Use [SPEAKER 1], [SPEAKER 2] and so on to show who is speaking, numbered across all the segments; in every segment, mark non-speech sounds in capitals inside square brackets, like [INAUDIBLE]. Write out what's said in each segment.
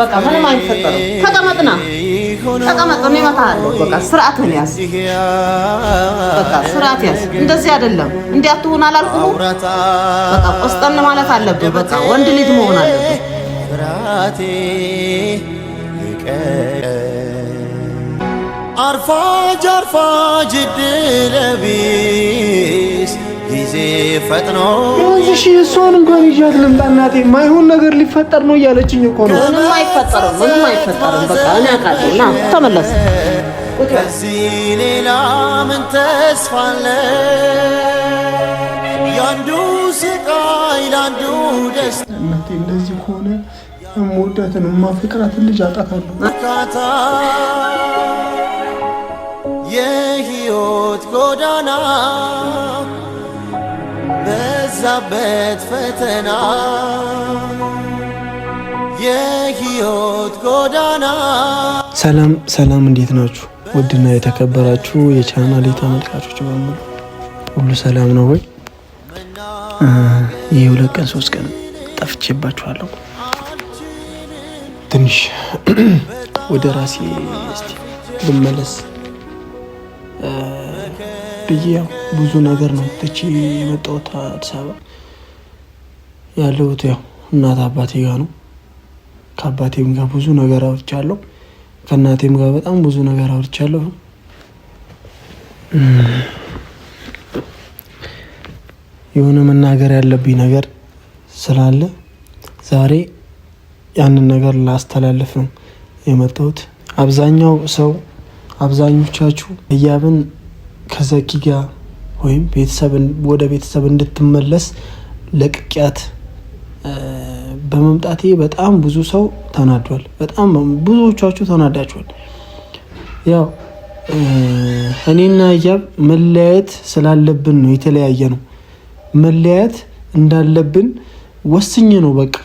[SPEAKER 1] በቃ ምንም አይፈጠርም። ተቀመጥና ተቀመጥ፣ እኔ እመታሃለሁ። በቃ ስርዓትህን ያዝ፣ በቃ ስርዓት ያዝ። እንደዚህ አይደለም እንዲህ አትሆን አላልኩህም? በቃ ቆስጠን ማለት አለብህ። በቃ ወንድ ልጅ መሆን አለብህ።
[SPEAKER 2] አርፋጅ አርፋጅ ድለቢ ጊዜ ፈጥኖ ይኸውልሽ እሷን እንኳን ይዣት ልምጣ እናቴ፣ ማይሆን ነገር ሊፈጠር ነው እያለችኝ እኮ ነው።
[SPEAKER 1] ምንም አይፈጠርም፣ ምንም አይፈጠርም። በቃ እኔ አውቃለሁ። ና ተመለስ። ከዚህ ሌላ ምን ተስፋ አለ?
[SPEAKER 2] ያንዱ ስቃይ ላንዱ ደስታ። እናቴ እንደዚህ ከሆነ የምወዳትን የማፈቅራትን ልጅ አጣታለሁ። የህይወት ጎዳና የበዛበት ፈተና የህይወት ጎዳና። ሰላም ሰላም፣ እንዴት ናችሁ? ውድና የተከበራችሁ የቻናሌ ተመልካቾች በሙሉ ሁሉ ሰላም ነው ወይ? ይህ ሁለት ቀን ሶስት ቀን ጠፍቼባችኋለሁ። ትንሽ [CLEARS THROAT] ወደ ራሴ ብመለስ ብዬ ያው ብዙ ነገር ነው ትቼ የመጣሁት አዲስ አበባ። ያለሁት ያው እናት አባቴ ጋር ነው። ከአባቴም ጋር ብዙ ነገር አውርቻለሁ። ከእናቴም ጋር በጣም ብዙ ነገር አውርቻለሁ። የሆነ መናገር ያለብኝ ነገር ስላለ ዛሬ ያንን ነገር ላስተላልፍ ነው የመጣሁት። አብዛኛው ሰው አብዛኞቻችሁ ህያብን ከዘኪ ጋር ወይም ወደ ቤተሰብ እንድትመለስ ለቅቅያት በመምጣቴ በጣም ብዙ ሰው ተናዷል። በጣም ብዙዎቻችሁ ተናዳችኋል። ያው እኔና እያብ መለያየት ስላለብን ነው የተለያየ ነው። መለያየት እንዳለብን ወስኜ ነው በቃ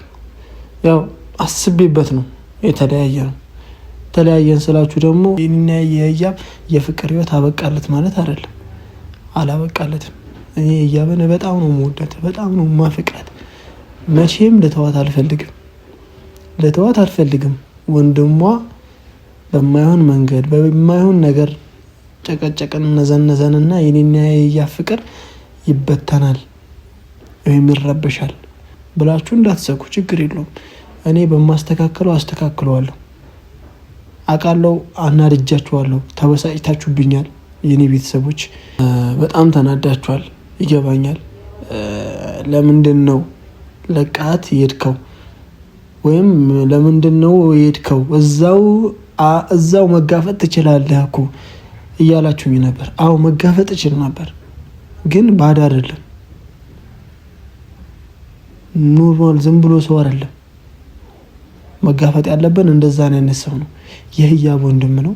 [SPEAKER 2] ያው አስቤበት ነው የተለያየ ነው። ተለያየን ስላችሁ ደግሞ እኔና የህያብ የፍቅር ህይወት አበቃለት ማለት አይደለም። አላበቃለትም። እኔ ህያብን በጣም ነው መወደት፣ በጣም ነው ማፍቃት። መቼም ልተዋት አልፈልግም፣ ልተዋት አልፈልግም። ወንድሟ በማይሆን መንገድ በማይሆን ነገር ጨቀጨቅን ነዘነዘንና የኔና የህያብ ፍቅር ይበተናል ወይም ይረበሻል ብላችሁ እንዳትሰኩ፣ ችግር የለውም። እኔ በማስተካከለው አስተካክለዋለሁ። አውቃለሁ። አናድጃችኋለሁ። ተበሳጭታችሁብኛል። የኔ ቤተሰቦች በጣም ተናዳችኋል። ይገባኛል። ለምንድን ነው ለቃት የሄድከው? ወይም ለምንድን ነው የሄድከው? እዛው መጋፈጥ ትችላለህ እኮ እያላችሁኝ ነበር። አዎ መጋፈጥ እችል ነበር፣ ግን ባድ አይደለም። ኖርማል ዝም ብሎ ሰው አይደለም። መጋፈጥ ያለብን እንደዛ አይነት ሰው ነው። የህያብ ወንድም ነው።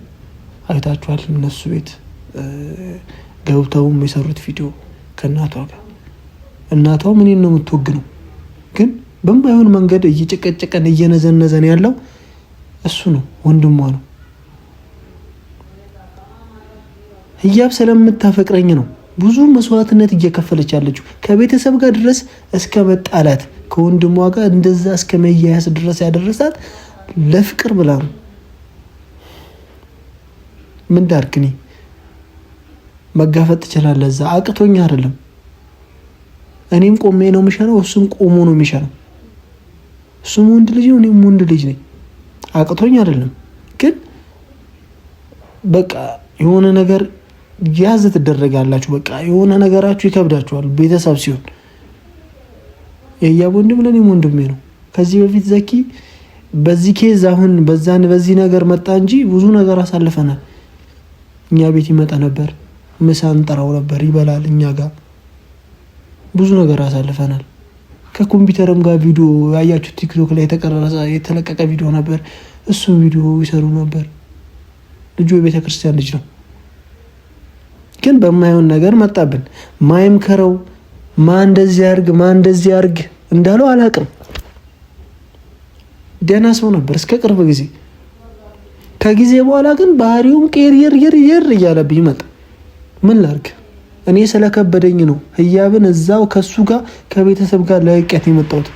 [SPEAKER 2] አይታችኋል። እነሱ ቤት ገብተውም የሰሩት ቪዲዮ ከእናቷ ጋር እናቷ ምን ነው የምትወግ ነው ግን በማይሆን መንገድ እየጨቀጨቀን እየነዘነዘን ያለው እሱ ነው፣ ወንድሟ ነው። ህያብ ስለምታፈቅረኝ ነው። ብዙ መስዋዕትነት እየከፈለች ያለችው ከቤተሰብ ጋር ድረስ እስከ መጣላት ከወንድሟ ጋር እንደዛ እስከ መያያዝ ድረስ ያደረሳት ለፍቅር ብላ ነው። ምን ዳርክኒ መጋፈጥ ትችላለ እዛ አቅቶኛ አይደለም እኔም ቆሜ ነው የሚሻለው፣ እሱም ቆሞ ነው የሚሻለው። እሱም ወንድ ልጅ ነው፣ እኔም ወንድ ልጅ ነኝ። አቅቶኝ አይደለም ግን በቃ የሆነ ነገር ያዝ ትደረጋላችሁ። በቃ የሆነ ነገራችሁ ይከብዳችኋል። ቤተሰብ ሲሆን የእያብ ወንድም ለእኔም ወንድሜ ነው። ከዚህ በፊት ዘኪ በዚህ ኬዝ አሁን በዛን በዚህ ነገር መጣ እንጂ ብዙ ነገር አሳልፈናል። እኛ ቤት ይመጣ ነበር፣ ምሳ እንጠራው ነበር፣ ይበላል እኛ ጋር ብዙ ነገር አሳልፈናል። ከኮምፒውተርም ጋር ቪዲዮ ያያችሁ ቲክቶክ ላይ የተቀረጸ የተለቀቀ ቪዲዮ ነበር። እሱ ቪዲዮ ይሰሩ ነበር። ልጁ የቤተክርስቲያን ልጅ ነው። ግን በማይሆን ነገር መጣብን። ማይምከረው ማ እንደዚህ ያርግ ማ እንደዚህ ያርግ እንዳለው አላቅም። ደህና ሰው ነበር እስከ ቅርብ ጊዜ። ከጊዜ በኋላ ግን ባህሪውም የር እያለብኝ መጣ። ምን ላርግ? እኔ ስለከበደኝ ነው ህያብን እዛው ከሱ ጋር ከቤተሰብ ጋር ለቅቄያት የመጣሁት።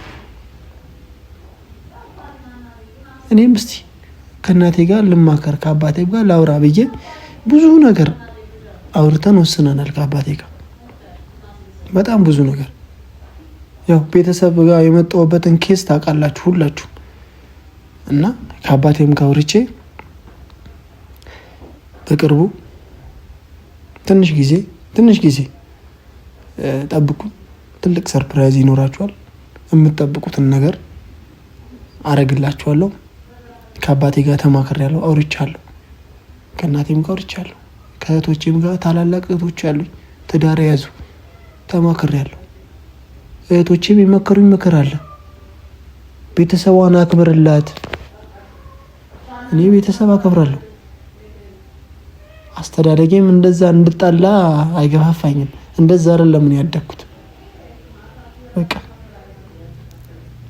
[SPEAKER 2] እኔም እስቲ ከእናቴ ጋር ልማከር ከአባቴ ጋር ላውራ ብዬ ብዙ ነገር አውርተን ወስነናል ከአባቴ ጋር በጣም ብዙ ነገር ያው ቤተሰብ ጋር የመጣሁበትን ኬስ ታውቃላችሁ ሁላችሁ እና ከአባቴም ጋር አውርቼ በቅርቡ ትንሽ ጊዜ ትንሽ ጊዜ ጠብቁ፣ ትልቅ ሰርፕራይዝ ይኖራችኋል። የምትጠብቁትን ነገር አረግላችኋለሁ። ከአባቴ ጋር ተማክሬያለሁ፣ አውርቻለሁ። ከእናቴም ጋር አውርቻለሁ። ከእህቶቼም ጋር ታላላቅ እህቶች አሉኝ። ትዳር ያዙ ተማክሬያለሁ። እህቶቼም የመከሩኝ ምክር አለ። ቤተሰቧን አክብርላት። እኔ ቤተሰብ አከብራለሁ። አስተዳደጌም እንደዛ እንድጣላ አይገፋፋኝም። እንደዛ አይደለም ነው ያደግኩት። በቃ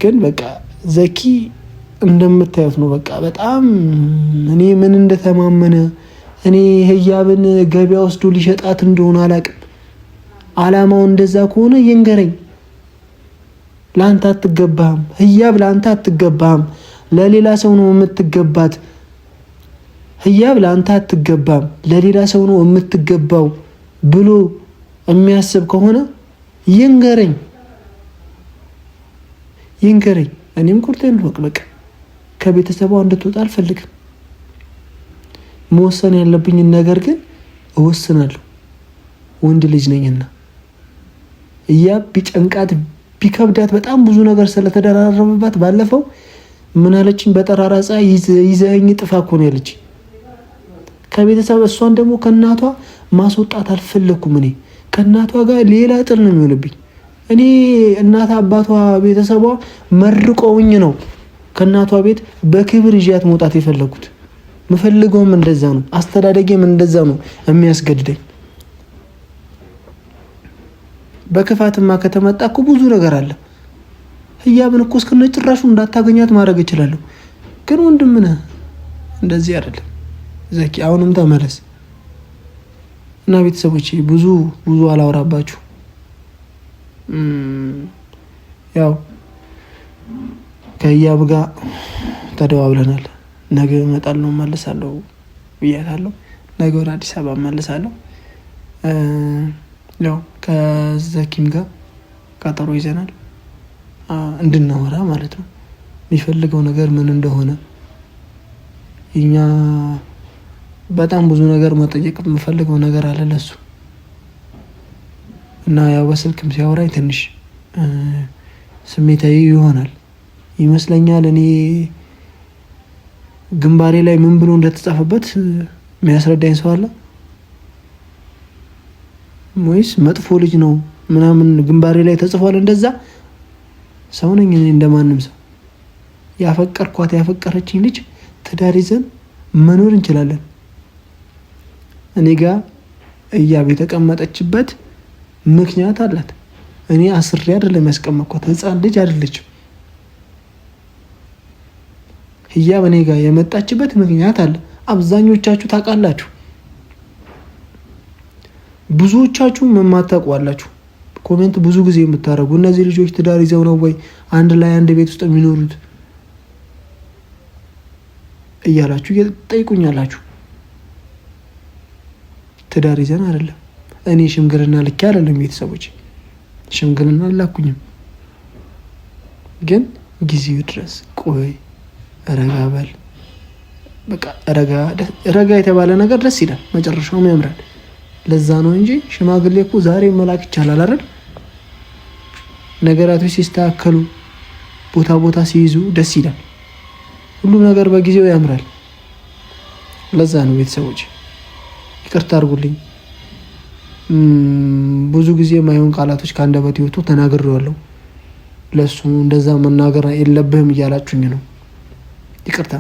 [SPEAKER 2] ግን በቃ ዘኪ እንደምታዩት ነው። በቃ በጣም እኔ ምን እንደተማመነ እኔ ህያብን ገበያ ወስዶ ሊሸጣት እንደሆነ አላውቅም። አላማው እንደዛ ከሆነ ይንገረኝ። ለአንተ አትገባህም ህያብ፣ ለአንተ አትገባህም። ለሌላ ሰው ነው የምትገባት ህያብ፣ ለአንተ አትገባም፣ ለሌላ ሰው ነው የምትገባው ብሎ የሚያስብ ከሆነ ይንገረኝ፣ ይንገረኝ። እኔም ቁርጤን ልወቅ። በቃ ከቤተሰቧ እንድትወጣ አልፈልግም። መወሰን ያለብኝን ነገር ግን እወስናለሁ። ወንድ ልጅ ነኝና እያ ቢጨንቃት ቢከብዳት በጣም ብዙ ነገር ስለተደራረበባት ባለፈው ምን አለችኝ? በጠራራ ፀሐይ ይዘኝ ጥፋ እኮ ነው ያለችኝ። ከቤተሰብ እሷን ደግሞ ከእናቷ ማስወጣት አልፈለኩም። እኔ ከእናቷ ጋር ሌላ ጥል ነው የሚሆንብኝ። እኔ እናት አባቷ ቤተሰቧ መርቀውኝ ነው ከእናቷ ቤት በክብር ይዣት መውጣት የፈለጉት። ምፈልገውም እንደዛ ነው። አስተዳደጌም እንደዛ ነው የሚያስገድደኝ። በክፋትማ ከተመጣ እኮ ብዙ ነገር አለ። ህያብን እኮ እስከነ ጭራሹ እንዳታገኛት ማድረግ እችላለሁ። ግን ወንድም ነህ፣ እንደዚህ አይደለም ዘኪ። አሁንም ተመለስ እና ቤተሰቦች ብዙ ብዙ አላወራባችሁ። ያው ከህያብ ጋር ተደዋብለናል ነገ እመጣለሁ እመልሳለሁ ብያታለሁ። ነገ ወደ አዲስ አበባ እመልሳለሁ። ያው ከዘኪም ጋር ቀጠሮ ይዘናል እንድናወራ ማለት ነው። የሚፈልገው ነገር ምን እንደሆነ እኛ በጣም ብዙ ነገር መጠየቅ የምፈልገው ነገር አለ ለሱ እና ያው በስልክም ሲያወራኝ ትንሽ ስሜታዊ ይሆናል ይመስለኛል እኔ ግንባሬ ላይ ምን ብሎ እንደተጻፈበት የሚያስረዳኝ ሰው አለ ወይስ መጥፎ ልጅ ነው ምናምን ግንባሬ ላይ ተጽፏል። እንደዛ ሰው ነኝ እኔ እንደማንም ሰው። ያፈቀርኳት ያፈቀረችኝ ልጅ ትዳር ይዘን መኖር እንችላለን። እኔ ጋ እያብ የተቀመጠችበት ምክንያት አላት። እኔ አስሬ አይደለም ያስቀመጥኳት፣ ህፃን ልጅ አይደለችም። ህያብ እኔ ጋር የመጣችበት ምክንያት አለ። አብዛኞቻችሁ ታውቃላችሁ፣ ብዙዎቻችሁ የማታውቁ አላችሁ። ኮሜንት ብዙ ጊዜ የምታደርጉ እነዚህ ልጆች ትዳር ይዘው ነው ወይ አንድ ላይ አንድ ቤት ውስጥ የሚኖሩት እያላችሁ ጠይቁኛላችሁ። ትዳር ይዘን አይደለም። እኔ ሽምግልና ልኬ አይደለም። ቤተሰቦች ሽምግልና አላኩኝም፣ ግን ጊዜው ድረስ ቆይ ረጋ በል በቃ ረጋ የተባለ ነገር ደስ ይላል፣ መጨረሻውም ያምራል። ለዛ ነው እንጂ ሽማግሌ እኮ ዛሬ መላክ ይቻላል አይደል? ነገራቶች ሲስተካከሉ ቦታ ቦታ ሲይዙ ደስ ይላል። ሁሉም ነገር በጊዜው ያምራል። ለዛ ነው ቤተሰቦች ይቅርታ አድርጉልኝ። ብዙ ጊዜ ማይሆን ቃላቶች ከአንደበት ይወጡ ተናግሬዋለሁ። ለሱ እንደዛ መናገር የለብህም እያላችሁኝ ነው። ይቅርታ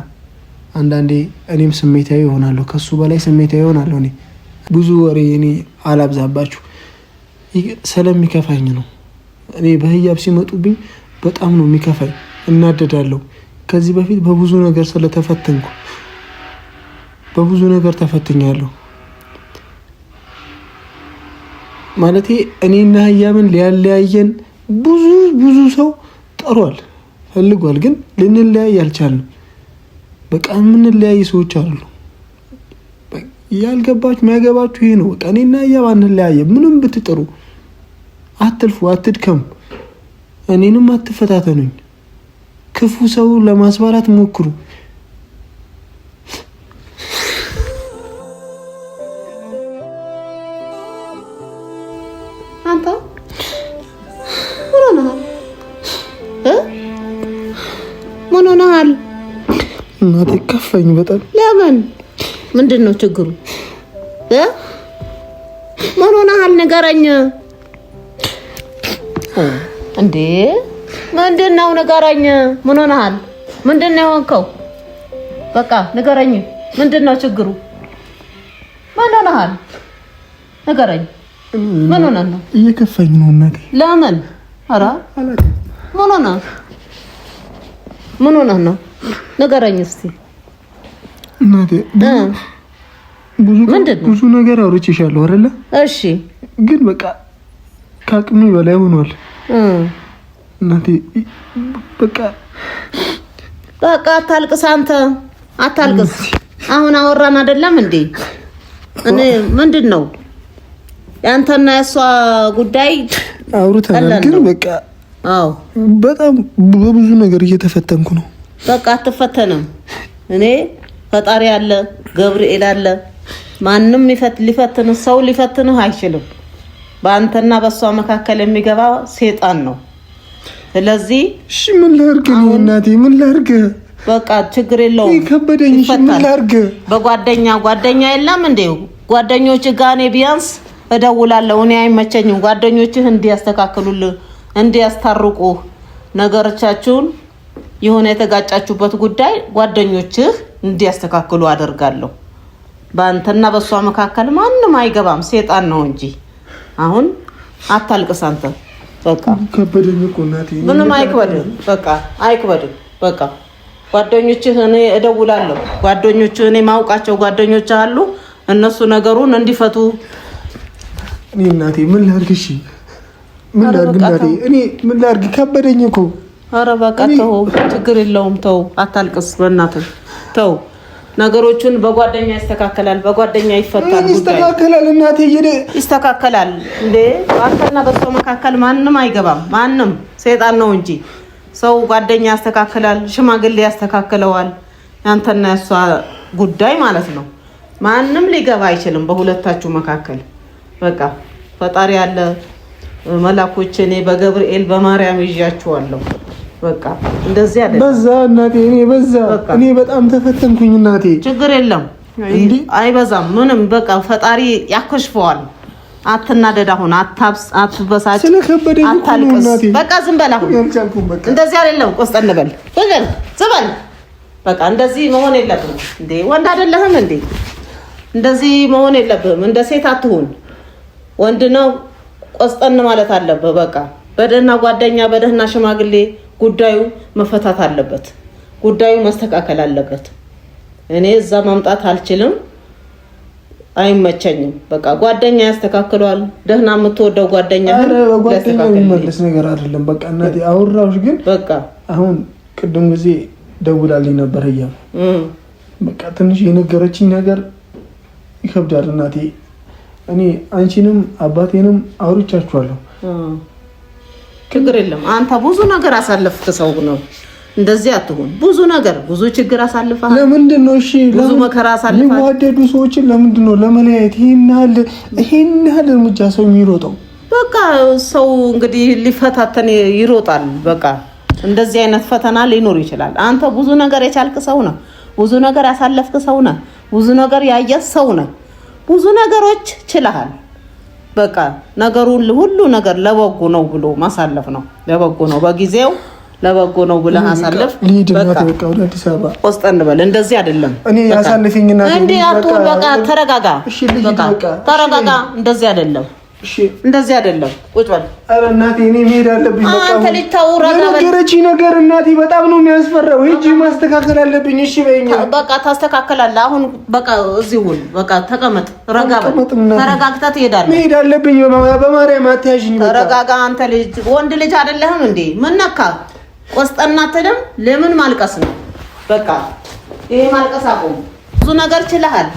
[SPEAKER 2] አንዳንዴ እኔም ስሜታዊ ይሆናለሁ፣ ከሱ በላይ ስሜታዊ ይሆናለሁ። እኔ ብዙ ወሬ እኔ አላብዛባችሁ ስለሚከፋኝ ነው። እኔ በህያብ ሲመጡብኝ በጣም ነው የሚከፋኝ፣ እናደዳለሁ። ከዚህ በፊት በብዙ ነገር ስለተፈተንኩ በብዙ ነገር ተፈትኛለሁ። ማለቴ እኔና ህያብን ሊያለያየን ብዙ ብዙ ሰው ጠሯል፣ ፈልጓል፣ ግን ልንለያይ አልቻልንም። በቃ የምንለያይ ሰዎች አሉ። ያልገባችሁ የሚያገባችሁ ይሄ ነው። በቃ እኔና እያብ ምንም ብትጥሩ አትልፉ፣ አትድከሙ፣ እኔንም አትፈታተኑኝ። ክፉ ሰው ለማስባራት ሞክሩ። ምን ሆነሃል? እናቴ ከፋኝ በጣም።
[SPEAKER 1] ለምን? ምንድን ነው ችግሩ? ምን ሆነሃል? ንገረኝ። እንዴ ምንድን ነው? ንገረኝ። ምን ሆነሃል? ምንድን ነው የሆንከው? በቃ ንገረኝ። ምንድን ነው ችግሩ? ምን ሆነሃል? ንገረኝ። ምን ሆነ ነው?
[SPEAKER 2] እየከፋኝ ነው እናቴ።
[SPEAKER 1] ለምን? ኧረ ምን ሆነ ምን ሆነ ነው ንገረኝ እስቲ።
[SPEAKER 2] ብዙ ነገር አውርቼሻለሁ አይደለ? እሺ። ግን በቃ ከአቅሜ በላይ ሆኗል እናቴ። በቃ
[SPEAKER 1] በቃ አታልቅስ፣ አንተ አታልቅስ። አሁን አወራን አይደለም እንዴ? እኔ ምንድን ነው የአንተና የእሷ ጉዳይ
[SPEAKER 2] አውርተናል። ግን በቃ አዎ፣ በጣም በብዙ ነገር እየተፈተንኩ ነው
[SPEAKER 1] በቃ አትፈተንም። እኔ ፈጣሪ አለ፣ ገብርኤል አለ። ማንም ሊፈትን ሰው ሊፈትንህ አይችልም። በአንተና በእሷ መካከል የሚገባ ሴጣን ነው። ስለዚህ
[SPEAKER 2] እሺ ምን ላድርግ ነው እናቴ? ምን ላድርግ?
[SPEAKER 1] በቃ ችግር የለውም።
[SPEAKER 2] ከበደኝ። ምን ላድርግ?
[SPEAKER 1] በጓደኛ ጓደኛ የለም እንዴ? ጓደኞች ጋኔ ቢያንስ እደውላለሁ። እኔ አይመቸኝም። ጓደኞችህ እንዲያስተካክሉልህ፣ እንዲያስታርቁህ ነገሮቻችሁን የሆነ የተጋጫችሁበት ጉዳይ ጓደኞችህ እንዲያስተካክሉ አደርጋለሁ። በአንተና በእሷ መካከል ማንም አይገባም፣ ሴጣን ነው እንጂ። አሁን አታልቅስ አንተ። በቃ
[SPEAKER 2] ከበደኝ እኮ እናቴ።
[SPEAKER 1] ምንም አይክበድም፣ በቃ አይክበድም። በቃ ጓደኞችህ እኔ እደውላለሁ። ጓደኞችህ እኔ ማውቃቸው ጓደኞች አሉ። እነሱ ነገሩን እንዲፈቱ
[SPEAKER 2] እኔ እናቴ ምን ላድርግ? እሺ ምን ላድርግ እናቴ? እኔ ምን ላድርግ? ከበደኝ እኮ
[SPEAKER 1] አረ በቃ ተው፣ ችግር የለውም ተው፣ አታልቅስ፣ በእናትህ ተው። ነገሮቹን በጓደኛ ይስተካከላል፣ በጓደኛ ይፈታል፣
[SPEAKER 2] ይስተካከላል። እናቴ
[SPEAKER 1] ይስተካከላል። እንዴ በአንተና በሰው መካከል ማንም አይገባም፣ ማንም ሰይጣን ነው እንጂ ሰው ጓደኛ ያስተካክላል፣ ሽማግሌ ያስተካክለዋል። ያንተና የሷ ጉዳይ ማለት ነው። ማንም ሊገባ አይችልም በሁለታችሁ መካከል። በቃ ፈጣሪ ያለ መላኮች እኔ በገብርኤል በማርያም ይዣችኋለሁ። በቃ እንደዚህ አይደለም።
[SPEAKER 2] በዛ እናቴ፣ እኔ በዛ እኔ በጣም ተፈተንኩኝ እናቴ።
[SPEAKER 1] ችግር የለም አይበዛም፣ ምንም በቃ ፈጣሪ ያከሽፈዋል። አትናደድ፣ አሁን አታብስ፣ አትበሳጭ፣
[SPEAKER 2] ስለከበደኝ አታልቅስ።
[SPEAKER 1] በቃ ዝም በል አሁን። እንደዚህ አይደለም። ቆስጠን በል በል ዝም በል በቃ። እንደዚህ መሆን የለብህም እንዴ! ወንድ አይደለህም እንዴ! እንደዚህ መሆን የለብህም። እንደ ሴት አትሁን። ወንድ ነው፣ ቆስጠን ማለት አለብህ። በቃ በደህና ጓደኛ፣ በደህና ሽማግሌ ጉዳዩ መፈታት አለበት። ጉዳዩ መስተካከል አለበት። እኔ እዛ ማምጣት አልችልም፣ አይመቸኝም። በቃ ጓደኛ ያስተካክሏል። ደህና የምትወደው ጓደኛ
[SPEAKER 2] የሚመለስ ነገር አይደለም። በቃ እናቴ አወራሁሽ፣ ግን በቃ አሁን ቅድም ጊዜ ደውላልኝ ነበር እያሉ በቃ ትንሽ የነገረችኝ ነገር ይከብዳል እናቴ። እኔ አንቺንም አባቴንም አውርቻችኋለሁ
[SPEAKER 1] ችግር የለም። አንተ ብዙ ነገር አሳለፍክ ሰው ነው። እንደዚህ አትሁን። ብዙ ነገር ብዙ ችግር አሳልፈሃል።
[SPEAKER 2] ለምንድን ነው እሺ፣
[SPEAKER 1] ብዙ መከራ አሳልፈሃል።
[SPEAKER 2] የሚዋደዱ ሰዎችን ለምንድን ነው ለመለያየት ይሄናል ይሄናል እርምጃ ሰው የሚሮጠው?
[SPEAKER 1] በቃ ሰው እንግዲህ ሊፈታተን ይሮጣል። በቃ እንደዚህ አይነት ፈተና ሊኖር ይችላል። አንተ ብዙ ነገር የቻልክ ሰው ነህ። ብዙ ነገር ያሳለፍክ ሰው ነህ። ብዙ ነገር ያየ ሰው ነህ። ብዙ ነገሮች ችለሃል። በቃ ነገሩን ሁሉ ነገር ለበጎ ነው ብሎ ማሳለፍ ነው። ለበጎ ነው በጊዜው ለበጎ ነው ብለህ አሳለፍ። ቆስጠን በል። እንደዚህ አይደለም እንዴ! አቶ በቃ ተረጋጋ፣ ተረጋጋ። እንደዚህ አይደለም እንደዚህ አይደለም። ቁጭ በል።
[SPEAKER 2] ኧረ እናቴ እኔ መሄድ አለብኝ።
[SPEAKER 1] አንተ ልጅ ተው፣ ረጋ በል።
[SPEAKER 2] የነገረችኝ ነገር እናቴ በጣም ነው የሚያስፈራው። ሂጂ፣ ማስተካከል አለብኝ። እሺ
[SPEAKER 1] በቃ ታስተካከላለህ። አሁን በቃ እዚህ በቃ ተቀመጥ፣ ረጋ በል። ተረጋግተህ ትሄዳለህ።
[SPEAKER 2] መሄድ አለብኝ። በማርያም አትያዥኝ።
[SPEAKER 1] ተረጋጋ። አንተ ልጅ ወንድ ልጅ አይደለህም እንዴ? ምን ነካ? ቆስጠና ለምን ማልቀስ ነው? በቃ ይሄ ማልቀስ አቁም። ብዙ ነገር ችለሃል።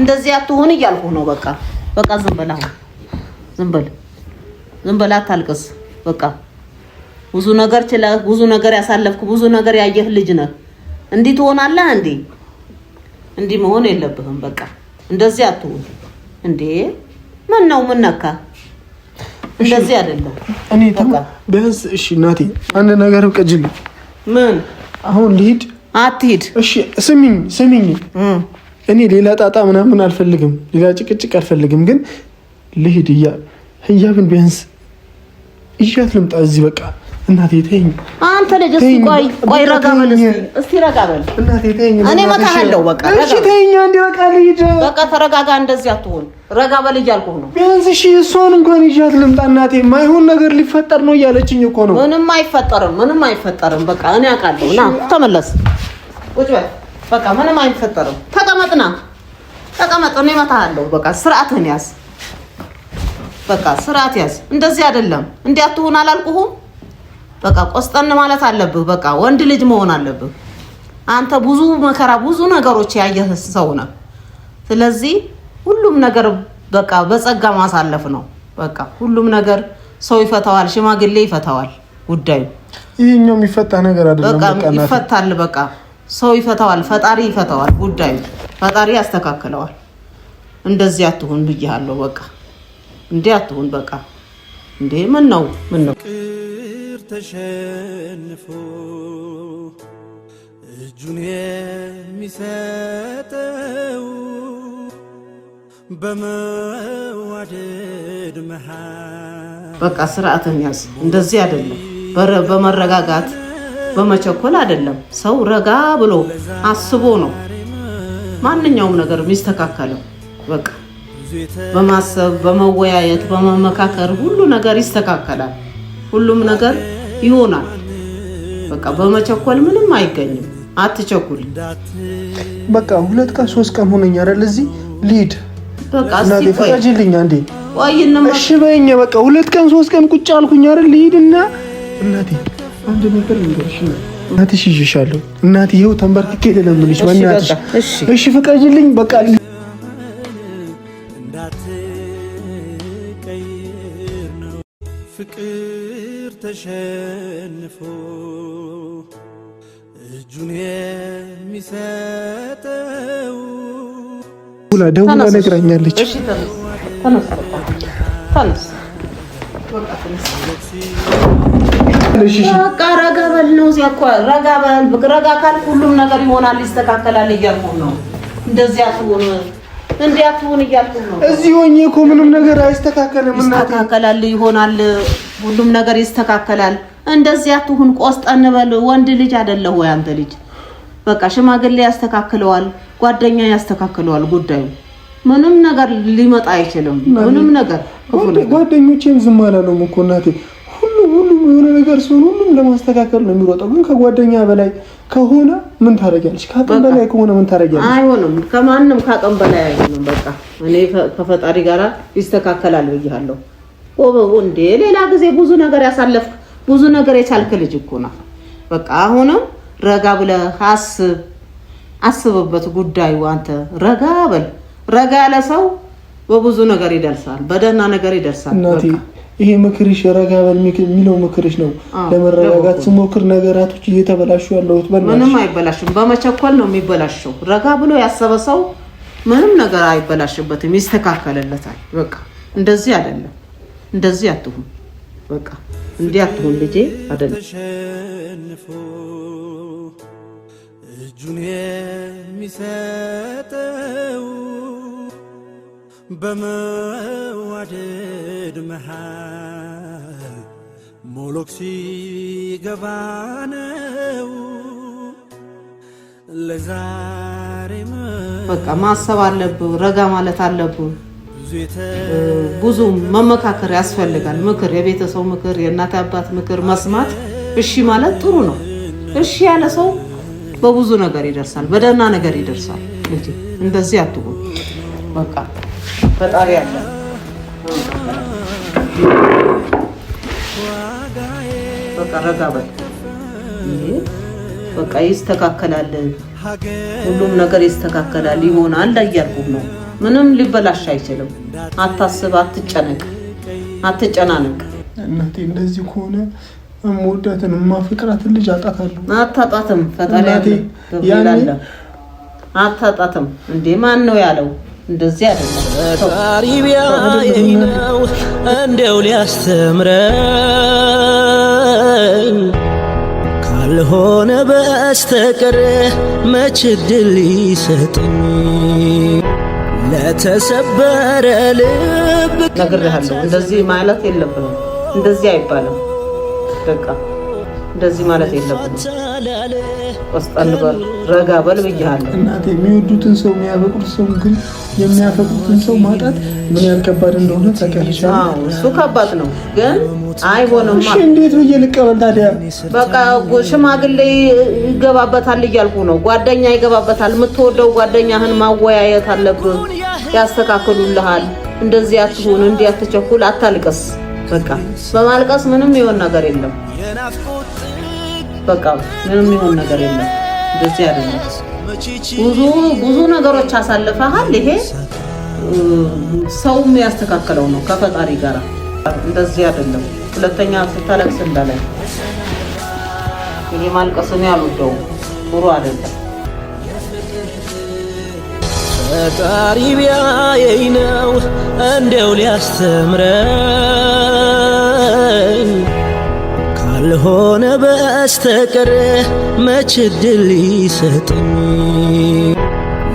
[SPEAKER 1] እንደዚህ አትሆን እያልኩ ነው። በቃ በቃ ዝም በል አሁን ዝም በል ዝም በል አታልቅስ። በቃ ብዙ ነገር ችላ ብዙ ነገር ያሳለፍክ ብዙ ነገር ያየህ ልጅ ነህ። እንዲህ ትሆናለህ እንዴ? እንዲህ መሆን የለብህም። በቃ እንደዚህ አትሁን እንዴ። ምን ነው ምን ነካ? እንደዚህ አይደለም።
[SPEAKER 2] እኔ ቢያንስ እሺ፣ እናቴ አንድ ነገር ቀጅል። ምን አሁን ልሂድ? አትሂድ። እሺ ስሚኝ፣ ስሚኝ፣ እኔ ሌላ ጣጣ ምናምን አልፈልግም፣ ሌላ ጭቅጭቅ አልፈልግም ግን ልሂድ እያ ህያብን ቢያንስ እያት ልምጣ። እዚህ በቃ እናቴ ተይኝ።
[SPEAKER 1] አንተ ልጅ እስኪ ቆይ ቆይ፣ ረጋ በል እስኪ ረጋ በል እናቴ ተይኝ። እኔ እመታሃለሁ። በቃ
[SPEAKER 2] እሺ ተይኝ። አንዴ በቃ ልሂድ።
[SPEAKER 1] በቃ ተረጋጋ። እንደዚህ አትሆን። ረጋ በል እያልኩህ ነው።
[SPEAKER 2] ቢያንስ እሺ እሷን እንኳን እያት ልምጣ። እናቴ ማይሆን ነገር ሊፈጠር ነው እያለችኝ እኮ ነው።
[SPEAKER 1] ምንም አይፈጠርም፣ ምንም አይፈጠርም። በቃ እኔ አውቃለሁ። ና ተመለስ። ቁጭ በል በቃ ምንም አይፈጠርም። ተቀመጥና ተቀመጥ። እኔ እመታሃለሁ። በቃ ስርዓትህን ያዝ። በቃ ስርዓት ያዝ። እንደዚህ አይደለም። ትሆን አላልኩህም። በቃ ቆስጠን ማለት አለብህ። በቃ ወንድ ልጅ መሆን አለብህ። አንተ ብዙ መከራ፣ ብዙ ነገሮች ያየህ ሰው ነህ። ስለዚህ ሁሉም ነገር በቃ በጸጋ ማሳለፍ ነው። በቃ ሁሉም ነገር ሰው ይፈታዋል፣ ሽማግሌ ይፈታዋል ጉዳዩ።
[SPEAKER 2] ይህኛው የሚፈታ ነገር አይደለም።
[SPEAKER 1] ይፈታል። በቃ ሰው ይፈታዋል፣ ፈጣሪ ይፈታዋል ጉዳዩ። ፈጣሪ ያስተካክለዋል። እንደዚህ አትሁን ብያለሁ በቃ እንዴ አትሁን። በቃ እንዴ! ምን ነው ምን ነው ፍቅር ተሸንፎ እጁን የሚሰጠው በመዋደድ መሃል። በቃ ስርዓትን ያዝ። እንደዚህ አይደለም፣ በመረጋጋት በመቸኮል አይደለም። ሰው ረጋ ብሎ አስቦ ነው ማንኛውም ነገር የሚስተካከለው። በቃ በማሰብ በመወያየት በመመካከር ሁሉ ነገር ይስተካከላል። ሁሉም ነገር ይሆናል። በቃ በመቸኮል ምንም አይገኝም። አትቸኩል።
[SPEAKER 2] በቃ ሁለት ቀን ሶስት ቀን ሆነኝ አይደል? እዚህ ሊድ በቃ እስቲ ፈቀጅልኝ አንዴ እሺ በይኝ። በቃ ሁለት ቀን ሶስት ቀን ቁጭ አልኩኝ አይደል? ሊድ እና እናቴ አንድ ነገር ልንገርሽ ነው እናትሽ ይዤሻለሁ። እናቴ ይኸው ተንበርክኬ ልለምንሽ በእናትሽ እሺ፣ ፍቀጅልኝ በቃ እንዳትቀይር ነው ፍቅር ተሸንፎ እጁን የሚሰጠው ሁላ ደውላ ነግራኛለች።
[SPEAKER 1] በቃ ረጋ በል ነው እዚያ እኮ ረጋ በል። ረጋ ካልክ ሁሉም ነገር ይሆናል፣ ይስተካከላል እያልኩ ነው። እንደዚያ ትሆን እንዲያትሁን እያልኩ ነው።
[SPEAKER 2] እዚህ ሆኜ እኮ ምንም ነገር አይስተካከልም።
[SPEAKER 1] ይስተካከላል፣ ይሆናል፣ ሁሉም ነገር ይስተካከላል። እንደዚህ አትሁን፣ ቆስጠን በል። ወንድ ልጅ አይደለሁ ወይ አንተ ልጅ? በቃ ሽማግሌ ያስተካክለዋል፣ ጓደኛ ያስተካክለዋል። ጉዳዩ ምንም ነገር ሊመጣ አይችልም። ምንም ነገር
[SPEAKER 2] ጓደኞቼም ዝም አላለም እኮ እናቴ የሆነ ነገር ሲሆን ሁሉም ለማስተካከል ነው የሚሮጠው። ግን ከጓደኛ በላይ ከሆነ ምን ታደርጊያለሽ? ከአቅም በላይ ከሆነ ምን ታደርጊያለሽ?
[SPEAKER 1] አይሆንም። ከማንም ከአቅም በላይ አይሆንም። በቃ እኔ ከፈጣሪ ጋር ይስተካከላል ብያለሁ። እንዴ ሌላ ጊዜ ብዙ ነገር ያሳለፍክ ብዙ ነገር የቻልክ ልጅ እኮ ነው። በቃ አሁንም ረጋ ብለህ አስብ፣ አስብበት ጉዳዩ። አንተ ረጋ በል። ረጋ ያለ ሰው በብዙ ነገር ይደርሳል፣ በደህና ነገር ይደርሳል።
[SPEAKER 2] ይሄ ምክርሽ ረጋ በል የሚለው ምክርሽ ነው። ለመረጋጋት ስሞክር ነገራቶች እየተበላሹ ያለሁት
[SPEAKER 1] ምንም አይበላሽም። በመቸኮል ነው የሚበላሸው። ረጋ ብሎ ያሰበ ሰው ምንም ነገር አይበላሽበትም፣ ይስተካከልለታል። በቃ እንደዚህ አይደለም፣ እንደዚህ አትሁን፣ በቃ እንዲህ አትሁን ልጄ አይደለም። እጁን የሚሰጠው በመዋደድ መሃል ሞሎክ ሲገባነው ለዛሬ በቃ ማሰብ አለብህ፣ ረጋ ማለት አለብህ። ብዙ መመካከር ያስፈልጋል። ምክር፣ የቤተሰብ ምክር፣ የእናት አባት ምክር መስማት እሺ ማለት ጥሩ ነው። እሺ ያለ ሰው በብዙ ነገር ይደርሳል፣ በደህና ነገር ይደርሳል። እንደዚህ አትሆን በቃ ፈጣሪ አለ። በቃ ረጋ በል። በቃ ይስተካከላል፣ ሁሉም ነገር ይስተካከላል፣ ይሆናል እያልኩህ ነው። ምንም ሊበላሽ አይችልም። አታስብ፣ አትጨነቅ፣ አትጨናነቅ።
[SPEAKER 2] እናቴ እንደዚህ ከሆነ እምወዳትን እማፍቅራትን ልጅ አጣታለሁ።
[SPEAKER 1] አታጣትም፣ ፈጣሪ አታጣትም። እንዴ ማን ነው ያለው? እንደዚህ አይደለም። ፈጣሪቢያይ እንደው ሊያስተምረኝ ካልሆነ በስተቀር መች ድል ሊሰጠኝ ለተሰበረ ልብ ነግሬሃለሁ። እንደዚህ ማለት የለብንም። እንደዚህ አይባልም። በቃ እንደዚህ ማለት የለብንም። ቆስጠን በል ረጋ በል ብያለሁ
[SPEAKER 2] እናቴ። የሚወዱትን ሰው የሚያፈቅሩት ሰው ግን የሚያፈቅሩትን ሰው ማጣት ምን ያህል ከባድ እንደሆነ ታውቂያለሽ።
[SPEAKER 1] እሱ ከባድ ነው ግን አይሆንም።
[SPEAKER 2] እንዴት ብዬ ልቀበል ታዲያ?
[SPEAKER 1] በቃ ሽማግሌ ይገባበታል እያልኩ ነው። ጓደኛ ይገባበታል። የምትወደው ጓደኛህን ማወያየት አለብህ። ያስተካክሉልሃል። እንደዚህ አትሁን፣ እንዲህ አትቸኩል፣ አታልቀስ። በቃ በማልቀስ ምንም ይሆን ነገር የለም። በቃ ምንም ይሆን ነገር የለም። እንደዚህ አይደለም። ብዙ ብዙ ነገሮች አሳልፈሃል። ይሄ ሰውም ያስተካከለው ነው ከፈጣሪ ጋር። እንደዚህ አይደለም። ሁለተኛ ስታለቅስ እንዳላይ እኔ ማልቀስን ያሉደው ጥሩ አይደለም። ፈጣሪ ቢያየኝ ነው እንደው ሊያስተምረኝ ካልሆነ በስተቀር መች ድል ይሰጥኝ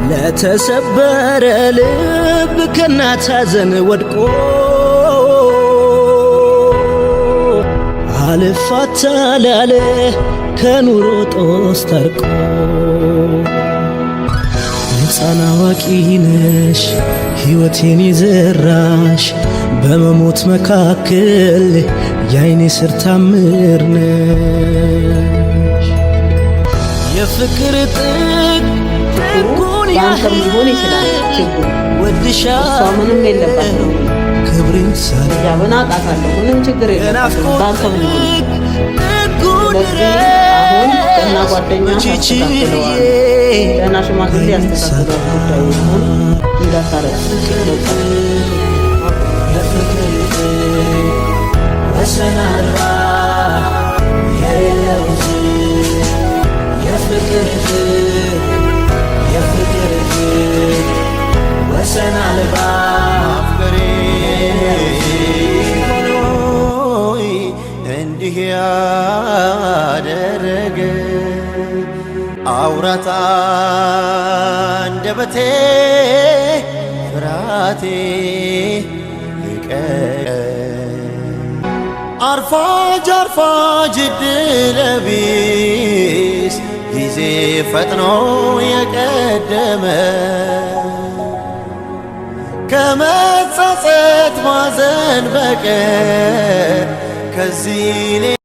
[SPEAKER 1] ለተሰበረ ልብ ከእናት ሐዘን ወድቆ አልፋታ ላለ ከኑሮ ጦስ ታርቆ ሕፃን አዋቂ ነሽ ሕይወቴን የዘራሽ በመሞት መካከል የአይኔ ስር ታምር ነሽ የፍቅር ጥግ ጥጉን ያህል ወድሻለሁ ምንም የለባትም ክብሬን ሳያብና ጣታለሁ ምንም ችግር የለባትም በአንተ ምን ጓደኛ ወሰናልባ የሌለው የፍቅር የፍቅር ፍቅር ወሰናልባ እንዲህ ያደረገ አውራታ ፈጥኖ የቀደመ ከመጸጸት ማዘን በቀር ከዚህ